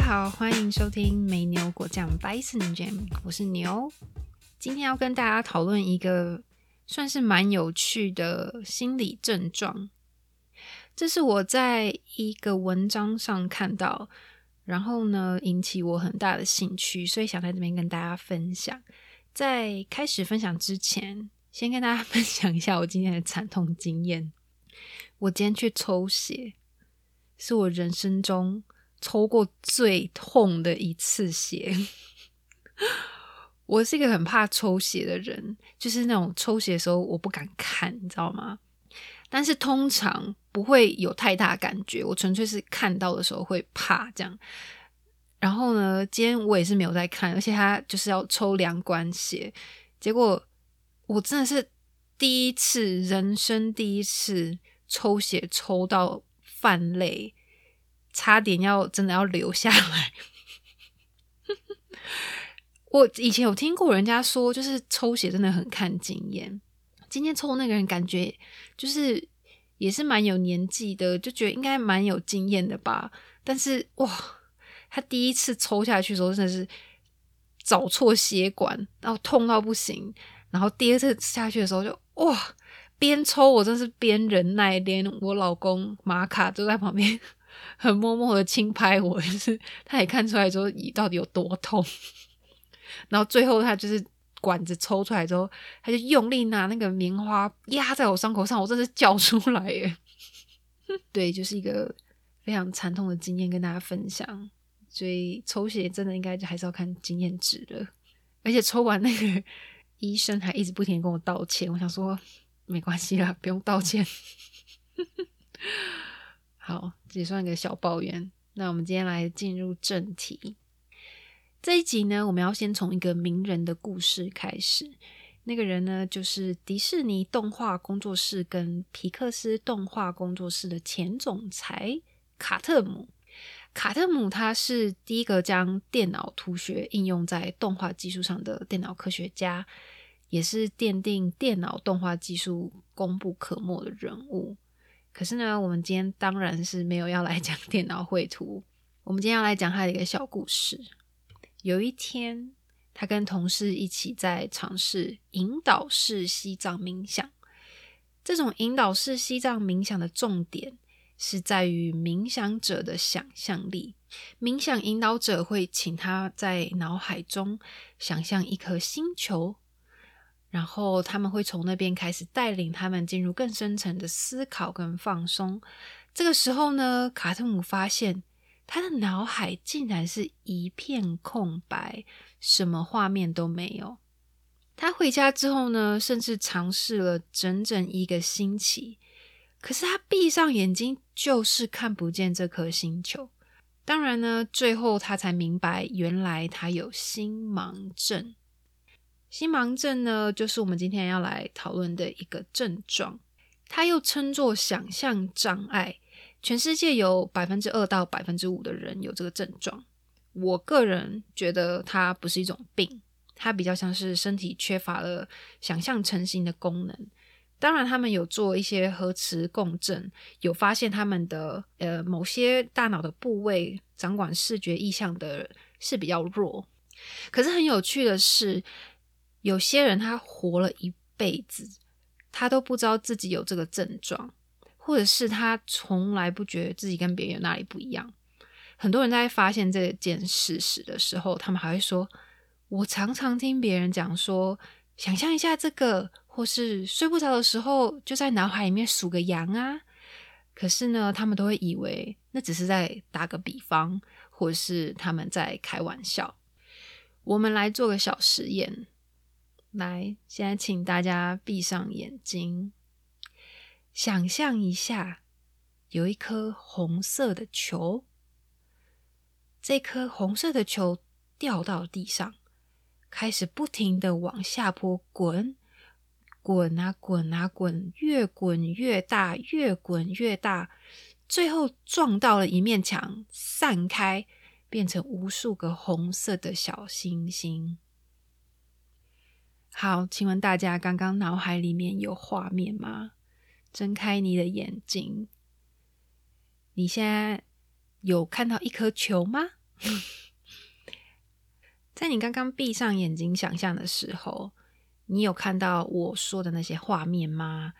大家好，歡迎收聽《美牛果醬》（Bison Jam），我是牛。今天要跟大家討論一個算是蠻有趣的心理症狀。這是我在一個文章上看到，然後呢，引起我很大的興趣，所以想在這邊跟大家分享。在開始分享之前，先跟大家分享一下我今天的慘痛經驗。我今天去抽血，是我人生中抽過最痛的一次血， 我是一個很怕抽血的人，就是那種抽血的時候我不敢看，你知道嗎？但是通常不會有太大的感覺，我純粹是看到的時候會怕這樣。然後呢，今天我也是沒有在看，而且他就是要抽兩管血，結果我真的是第一次，人生第一次抽血抽到泛淚。差點要真的要留下來。我以前有聽過人家說，就是抽血真的很看經驗。今天抽的那個人感覺就是也是蠻有年紀的，就覺得應該蠻有經驗的吧。但是哇，他第一次抽下去的時候真的是找錯血管，然後痛到不行。然後第二次下去的時候就哇，邊抽我真是邊忍耐，連我老公馬卡都在旁邊。很默默的輕拍我，就是他也看出來說，你到底有多痛。然後最後他就是管子抽出來之後，他就用力拿那個棉花壓在我傷口上，我真是叫出來耶。對，就是一個非常慘痛的經驗跟大家分享。所以抽血真的應該還是要看經驗值的。而且抽完那個醫生還一直不停地跟我道歉，我想說沒關係啦，不用道歉。 好，也算個小抱怨。那我們今天來進入正題。這一集呢，我們要先從一個名人的故事開始。那個人呢，就是迪士尼動畫工作室跟皮克斯動畫工作室的前總裁卡特姆。卡特姆他是第一個將電腦圖學應用在動畫技術上的電腦科學家，也是奠定電腦動畫技術功不可沒的人物。可是呢，我們今天當然是沒有要來講電腦繪圖。我們今天要來講他的一個小故事。有一天，他跟同事一起在嘗試引導式西藏冥想。這種引導式西藏冥想的重點是在於冥想者的想象力。冥想引導者會請他在腦海中想象一顆星球。然後他們會從那邊開始帶領他們進入更深層的思考跟放鬆。這個時候呢，卡特姆發現他的腦海竟然是一片空白，什麼畫面都沒有。他回家之後呢，甚至嘗試了整整一個星期，可是他閉上眼睛就是看不見這顆星球。當然呢，最後他才明白，原來他有心盲症。心盲症呢，就是我們今天要來討論的一個症狀，它又稱作想象障礙。全世界有百分之二到百分之五的人有這個症狀。我個人覺得它不是一種病，它比較像是身體缺乏了想象成型的功能。當然，他們有做一些核磁共振，有發現他們的呃某些大腦的部位掌管視覺意象的是比較弱。可是很有趣的是。有些人他活了一輩子，他都不知道自己有這個症狀，或者是他從來不覺得自己跟別人有哪裡不一樣。很多人在發現這件事實的時候，他們還會說：“我常常聽別人講說，想象一下這個，或是睡不着的時候就在腦海裡面數個羊啊。”可是呢，他們都會以為那只是在打個比方，或者是他們在開玩笑。我們來做個小實驗。來，現在請大家閉上眼睛，想象一下，有一顆紅色的球，這顆紅色的球掉到地上，開始不停的往下坡滾，滾啊滾啊滾，越滾越大，越滾越大，最後撞到了一面牆，散開，變成無數個紅色的小星星。好，請問大家剛剛腦海裡面有畫面嗎？睜開你的眼睛，你現在有看到一顆球嗎？ 在你剛剛閉上眼睛想象的時候，你有看到我說的那些畫面嗎？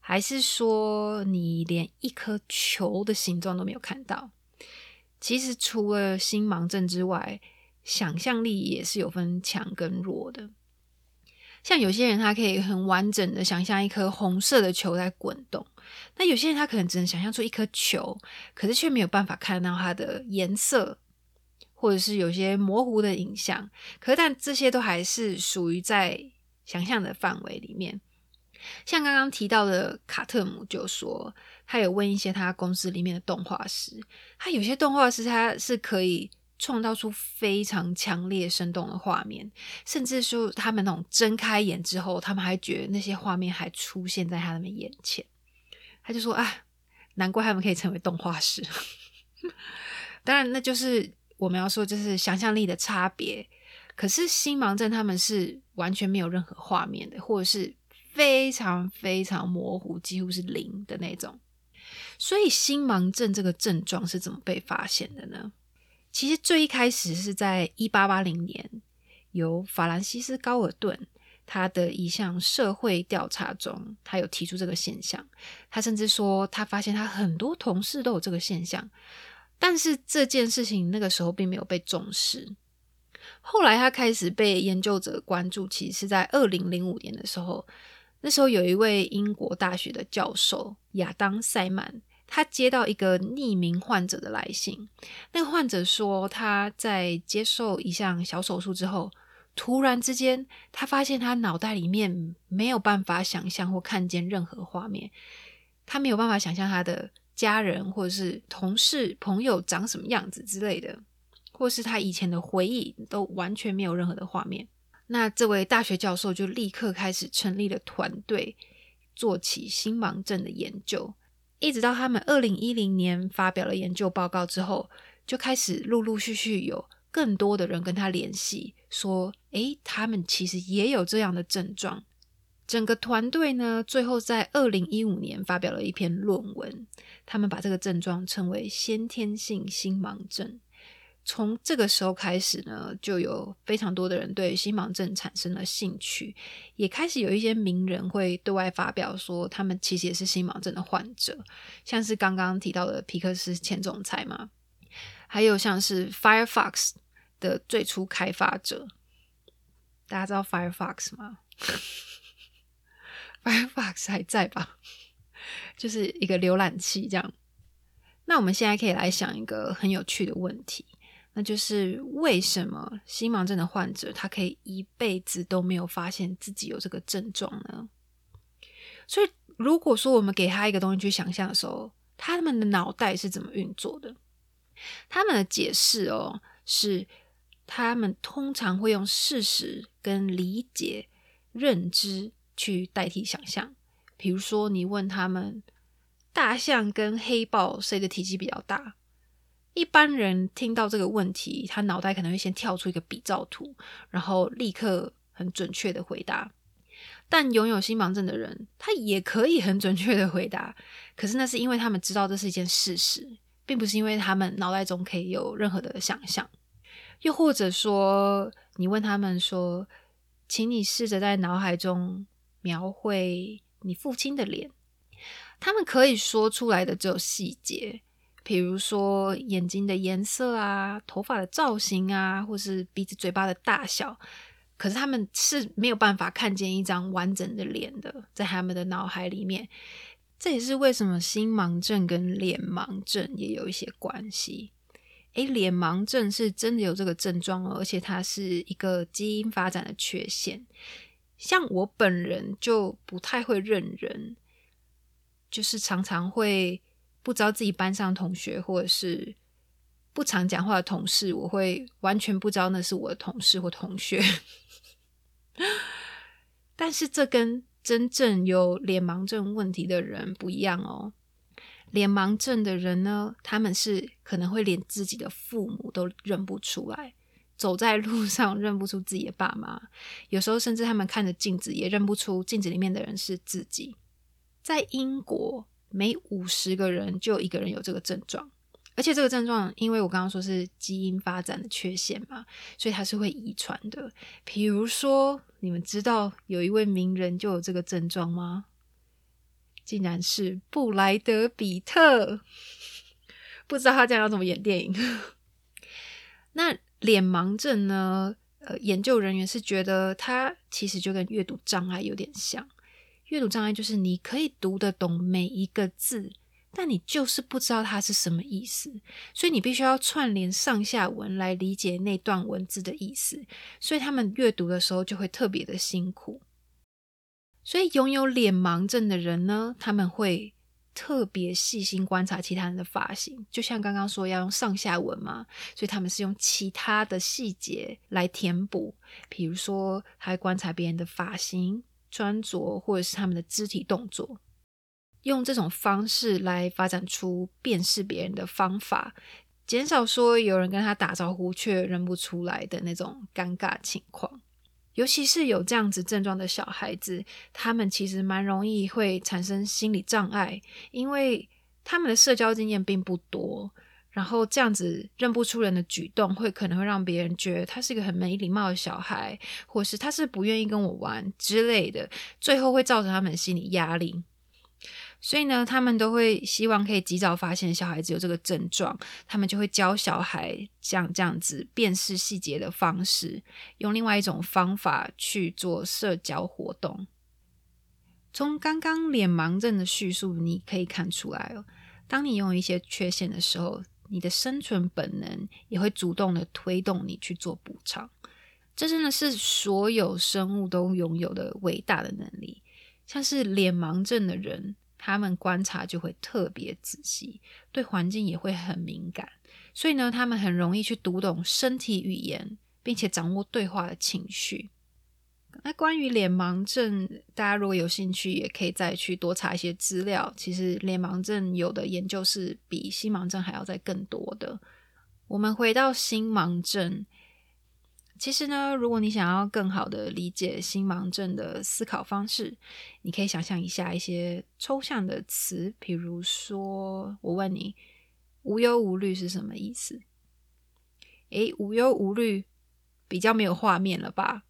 還是說你連一顆球的形狀都沒有看到？其實除了心盲症之外，想象力也是有分強跟弱的。像有些人，他可以很完整的想象一顆紅色的球在滾動；那有些人，他可能只能想象出一顆球，可是卻沒有辦法看到它的顏色，或者是有些模糊的影像。可是，但這些都還是屬於在想象的範圍裡面。像剛剛提到的卡特姆就說，他有問一些他公司裡面的動畫師，他有些動畫師他是可以創造出非常強烈、生動的畫面，甚至說他們那種睜開眼之後，他們還覺得那些畫面還出現在他們眼前。他就說：“啊，難怪他們可以成為動畫師。 ”當然，那就是我們要說，就是想象力的差別。可是，心盲症他們是完全沒有任何畫面的，或者是非常非常模糊，幾乎是零的那種。所以，心盲症這個症狀是怎麼被發現的呢？其實最一開始是在一八八零年，由法蘭西斯·高爾頓他的一項社會調查中，他有提出這個現象。他甚至說，他發現他很多同事都有這個現象，但是這件事情那個時候並沒有被重視。後來他開始被研究者關注，其實是在二零零五年的時候，那時候有一位英國大學的教授，亞當塞曼。他接到一個匿名患者的來信，那個患者說他在接受一項小手術之後，突然之間，他發現他腦袋裡面沒有辦法想象或看見任何畫面，他沒有辦法想象他的家人或者是同事朋友長什麼樣子之類的，或是他以前的回憶都完全沒有任何的畫面。那這位大學教授就立刻開始成立了團隊，做起心盲症的研究。一直到他們二零一零年發表了研究報告之後，就開始陸陸續續有更多的人跟他聯繫，說：“哎，他們其實也有這樣的症狀。”整個團隊呢，最後在二零一五年發表了一篇論文，他們把這個症狀稱為先天性心盲症。從這個時候開始呢，就有非常多的人對心盲症產生了興趣，也開始有一些名人會對外發表說，他們其實也是心盲症的患者，像是剛剛提到的皮克斯前總裁嘛，還有像是 Firefox 的最初開發者，大家知道 Firefox 嗎 ？Firefox 還在吧？ 就是一個瀏覽器這樣。那我們現在可以來想一個很有趣的問題。那就是為什麼心盲症的患者他可以一輩子都沒有發現自己有這個症狀呢？所以，如果說我們給他一個東西去想象的時候，他們的腦袋是怎麼運作的？他們的解釋哦，是他們通常會用事實跟理解、認知去代替想象。比如說，你問他們，大象跟黑豹誰的體積比較大？一般人聽到這個問題，他腦袋可能會先跳出一個比照圖，然後立刻很準確的回答。但擁有心盲症的人，他也可以很準確的回答。可是那是因為他們知道這是一件事實，並不是因為他們腦袋中可以有任何的想象。又或者說，你問他們說：“請你試着在腦海中描繪你父親的臉。”他們可以說出來的只有細節。比如說眼睛的顏色啊、頭髮的造型啊，或是鼻子、嘴巴的大小，可是他們是沒有辦法看見一張完整的臉的，在他們的腦海裡面，這也是為什麼心盲症跟臉盲症也有一些關係。誒，臉盲症是真的有這個症狀哦，而且它是一個基因發展的缺陷。像我本人就不太會認人，就是常常會。不知道自己班上的同學，或者是不常講話的同事，我會完全不知道那是我的同事或同學。 但是這跟真正有臉盲症問題的人不一樣哦。臉盲症的人呢，他們是可能會連自己的父母都認不出來，走在路上認不出自己的爸媽，有時候甚至他們看着鏡子也認不出鏡子裡面的人是自己。在英國。每五十個人就一個人有這個症狀，而且這個症狀，因為我剛剛說是基因發展的缺陷嘛，所以它是會遺傳的。比如說，你們知道有一位名人就有這個症狀嗎？竟然是布萊德彼特，不知道他將來要怎麼演電影。那臉盲症呢？呃，研究人員是覺得他其實就跟閱讀障礙有點像。閱讀障礙，就是你可以讀得懂每一個字，但你就是不知道它是什麼意思，所以你必須要串聯上下文來理解那段文字的意思。所以他們閱讀的時候就會特別的辛苦。所以擁有臉盲症的人呢，他們會特別細心觀察其他人的髮型，就像剛剛說要用上下文嘛，所以他們是用其他的細節來填補，比如說還觀察別人的髮型。穿着，或者是他們的肢體動作，用這種方式來發展出辨識別人的方法，減少說有人跟他打招呼卻認不出來的那種尷尬情況。尤其是有這樣子症狀的小孩子，他們其實蠻容易會產生心理障礙，因為他們的社交經驗並不多。然後這樣子認不出人的舉動，會可能會讓別人覺得他是一個很沒禮貌的小孩，或是他是不願意跟我玩之類的，最後會造成他們心理壓力。所以呢，他們都會希望可以及早發現小孩子有這個症狀，他們就會教小孩像這樣子辨識細節的方式，用另外一種方法去做社交活動。從剛剛臉盲症的敘述，你可以看出來，當你擁有一些缺陷的時候，你的生存本能也會主動的推動你去做補償，這真的是所有生物都擁有的偉大的能力。像是臉盲症的人，他們觀察就會特別仔細，對環境也會很敏感，所以呢，他們很容易去讀懂身體語言，並且掌握對話的情緒。那關於臉盲症，大家如果有興趣，也可以再去多查一些資料。其實臉盲症有的研究是比心盲症還要再更多的。我們回到心盲症，其實呢，如果你想要更好的理解心盲症的思考方式，你可以想象一下一些抽象的詞，比如說，我問你“無憂無慮”是什麼意思？誒，無憂無慮比較沒有畫面了吧？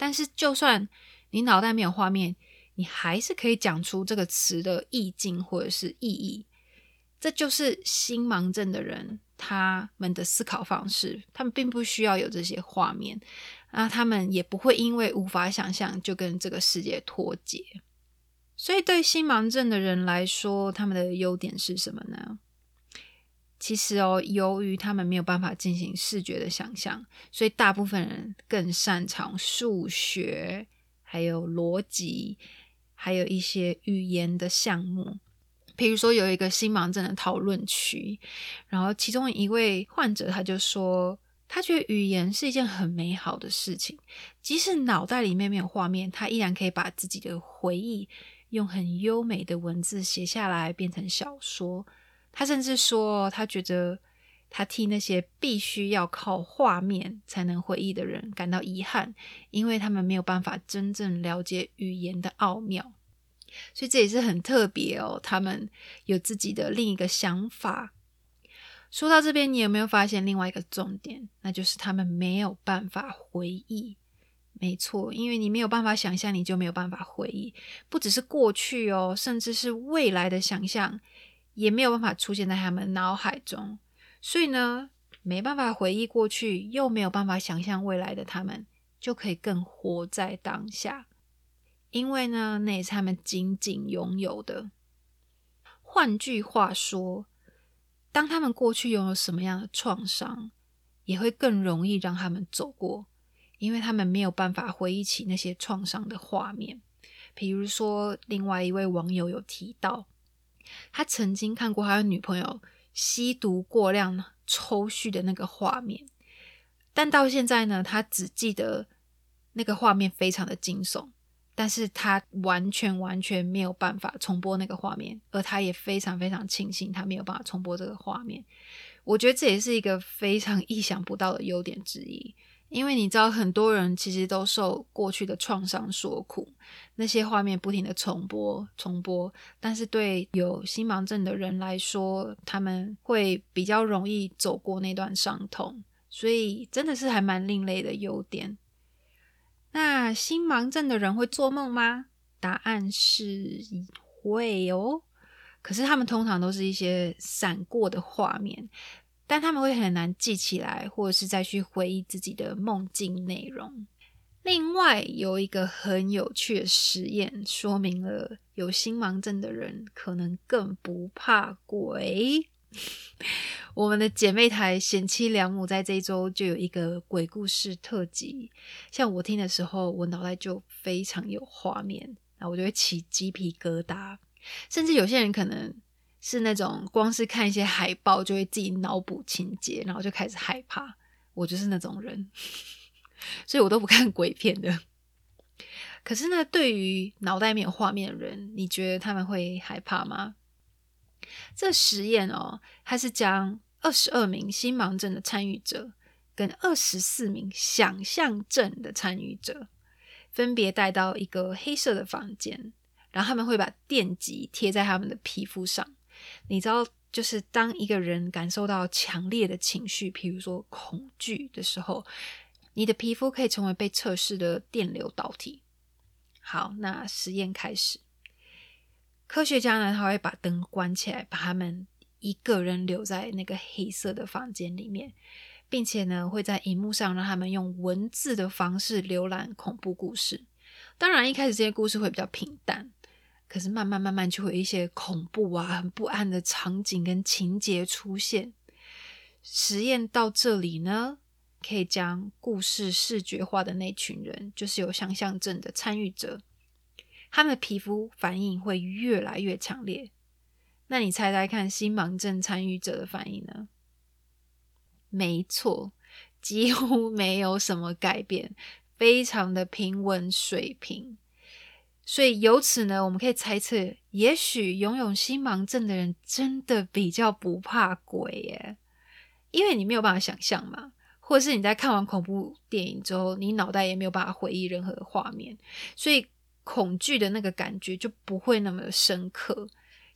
但是，就算你腦袋沒有畫面，你還是可以講出這個詞的意境或者是意義。這就是心盲症的人，他們的思考方式，他們並不需要有這些畫面，啊，他們也不會因為無法想象就跟這個世界脫節。所以，對於心盲症的人來說，他們的優點是什麼呢？其實哦，由於他們沒有辦法進行視覺的想象所以大部分人更擅長數學、還有邏輯，還有一些語言的項目。譬如說，有一個心盲症的討論區，然後其中一位患者他就說，他覺得語言是一件很美好的事情，即使腦袋裡面沒有畫面，他依然可以把自己的回憶用很優美的文字寫下來，變成小說。他甚至說，他覺得他替那些必須要靠畫面才能回憶的人感到遺憾，因為他們沒有辦法真正了解語言的奧妙。所以這也是很特別哦，他們有自己的另一個想法。說到這邊，你有沒有發現另外一個重點？那就是他們沒有辦法回憶。沒錯，因為你沒有辦法想象，你就沒有辦法回憶。不只是過去哦，甚至是未來的想象。也沒有辦法出現在他們腦海中，所以呢，沒辦法回憶過去，又沒有辦法想象未來的他們，就可以更活在當下。因為呢，那也是他們僅僅擁有的。換句話說，當他們過去擁有什麼樣的創傷，也會更容易讓他們走過，因為他們沒有辦法回憶起那些創傷的畫面。比如說，另外一位網友有提到。他曾經看過他的女朋友吸毒過量抽搐的那個畫面，但到現在呢，他只記得那個畫面非常的驚悚，但是他完全完全沒有辦法重播那個畫面，而他也非常非常慶幸他沒有辦法重播這個畫面。我覺得這也是一個非常意想不到的優點之一。因為你知道，很多人其實都受過去的創傷所苦，那些畫面不停的重播、重播。但是對有心盲症的人來說，他們會比較容易走過那段傷痛，所以真的是還蠻另類的優點。那心盲症的人會做夢嗎？答案是會哦，可是他們通常都是一些閃過的畫面。但他們會很難記起來，或者是再去回憶自己的夢境內容。另外，有一個很有趣的實驗，說明了有心盲症的人可能更不怕鬼。 我們的姐妹台閒妻涼母在這一週就有一個鬼故事特輯，像我聽的時候，我腦袋就非常有畫面，啊，我就會起雞皮疙瘩，甚至有些人可能。是那種光是看一些海報就會自己腦補情節，然後就開始害怕。我就是那種人， 所以我都不看鬼片的。可是呢，對於腦袋沒有畫面的人，你覺得他們會害怕嗎？這實驗哦，它是將二十二名心盲症的參與者跟二十四名想象症的參與者分別帶到一個黑色的房間，然後他們會把電極貼在他們的皮膚上。你知道，就是當一個人感受到強烈的情緒，譬如說恐懼的時候，你的皮膚可以成為被測試的電流導體。好，那實驗開始。科學家呢，他會把燈關起來，把他們一個人留在那個黑色的房間裡面，並且呢，會在熒幕上讓他們用文字的方式瀏覽恐怖故事。當然，一開始這些故事會比較平淡。可是慢慢慢慢就會有一些恐怖啊、很不安的場景跟情節出現。實驗到這裡呢，可以將故事視覺化的那群人，就是有想象，象症的參與者，他們的皮膚反應會越來越強烈。那你猜猜看，心盲症參與者的反應呢？沒錯，幾乎沒有什麼改變，非常的平穩水平。所以由此呢，我們可以猜測，也許擁有心盲症的人真的比較不怕鬼耶，因為你沒有辦法想象嘛，或者是你在看完恐怖電影之後，你腦袋也沒有辦法回憶任何的畫面，所以恐懼的那個感覺就不會那麼的深刻。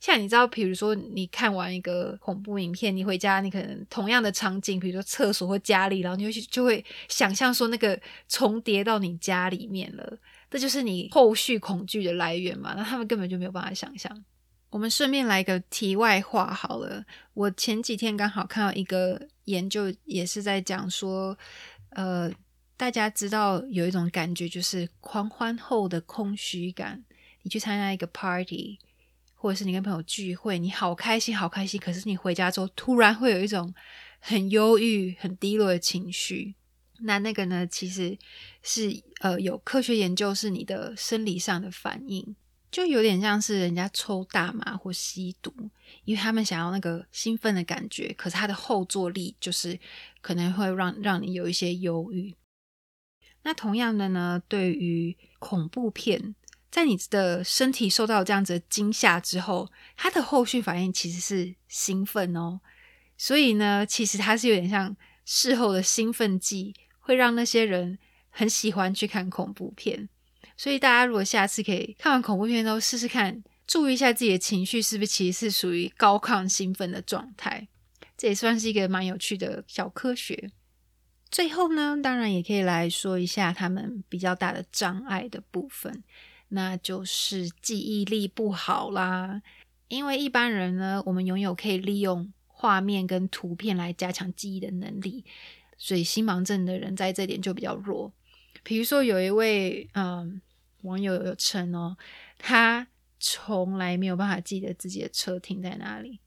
像你知道，比如說你看完一個恐怖影片，你回家，你可能同樣的場景，比如說廁所或家裡，然後你就會想象說那個重疊到你家裡面了。這就是你後續恐懼的來源嘛？那他們根本就沒有辦法想象。我們順便來個題外話好了。我前幾天剛好看到一個研究，也是在講說，呃，大家知道有一種感覺就是狂歡後的空虛感。你去參加一個 party，或者是你跟朋友聚會，你好開心，好開心。可是你回家之後，突然會有一種很憂鬱、很低落的情緒。那那個呢，其實是呃有科學研究，是你的生理上的反應，就有點像是人家抽大麻或吸毒，因為他們想要那個興奮的感覺，可是它的後坐力就是可能會讓讓你有一些憂鬱。那同樣的呢，對於恐怖片，在你的身體受到這樣子的驚嚇之後，它的後續反應其實是興奮哦，所以呢，其實它是有點像事後的興奮劑。會讓那些人很喜歡去看恐怖片，所以大家如果下次可以看完恐怖片後試試看，注意一下自己的情緒是不是其實是屬於高亢興奮的狀態，這也算是一個蠻有趣的小科學。最後呢，當然也可以來說一下他們比較大的障礙的部分，那就是記憶力不好啦，因為一般人呢，我們擁有可以利用畫面跟圖片來加強記憶的能力。所以，心盲症的人在這點就比較弱。比如說，有一位嗯網友有稱哦，他從來沒有辦法記得自己的車停在哪裡，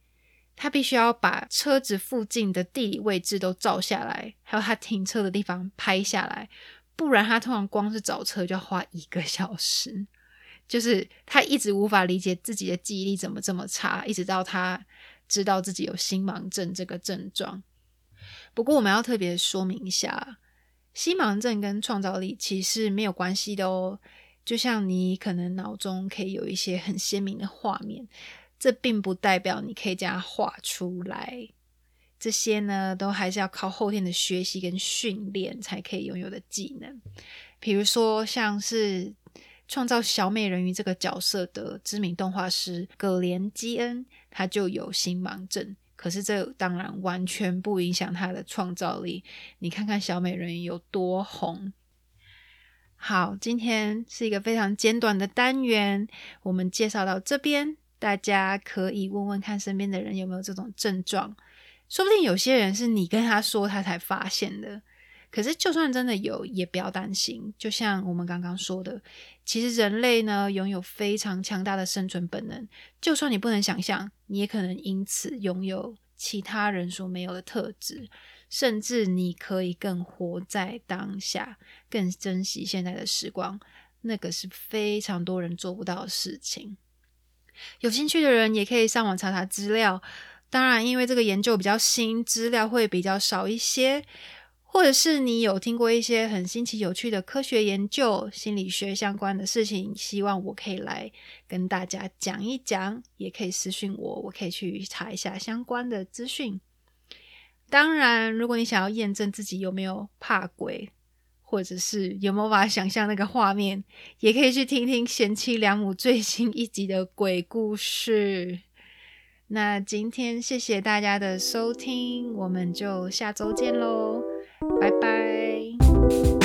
他必須要把車子附近的地理位置都照下來，還有他停車的地方拍下來，不然他通常光是找車就要花一個小時。就是他一直無法理解自己的記憶力怎麼這麼差，一直到他知道自己有心盲症這個症狀。不過，我們要特別說明一下，心盲症跟創造力其實沒有關係的哦。就像你可能腦中可以有一些很鮮明的畫面，這並不代表你可以將它畫出來。這些呢，都還是要靠後天的學習跟訓練才可以擁有的技能。比如說，像是創造小美人魚這個角色的知名動畫師葛連基恩，他就有心盲症。可是這當然完全不影響他的創造力。你看看小美人魚有多紅。好，今天是一個非常簡短的單元，我們介紹到這邊，大家可以問問看身邊的人有沒有這種症狀，說不定有些人是你跟他說他才發現的。可是，就算真的有，也不要擔心。就像我們剛剛說的，其實人類呢，擁有非常強大的生存本能。就算你不能想象，你也可能因此擁有其他人所沒有的特質，甚至你可以更活在當下，更珍惜現在的時光。那個是非常多人做不到的事情。有興趣的人也可以上網查查資料。當然，因為這個研究比較新，資料會比較少一些。或者是你有聽過一些很新奇有趣的科學研究、心理學相關的事情，希望我可以來跟大家講一講，也可以私訊我，我可以去查一下相關的資訊。當然，如果你想要驗證自己有沒有怕鬼，或者是有沒有辦法想象那個畫面，也可以去聽聽《閒妻涼母》最新一集的鬼故事。那今天謝謝大家的收聽，我們就下周見嘍。拜拜。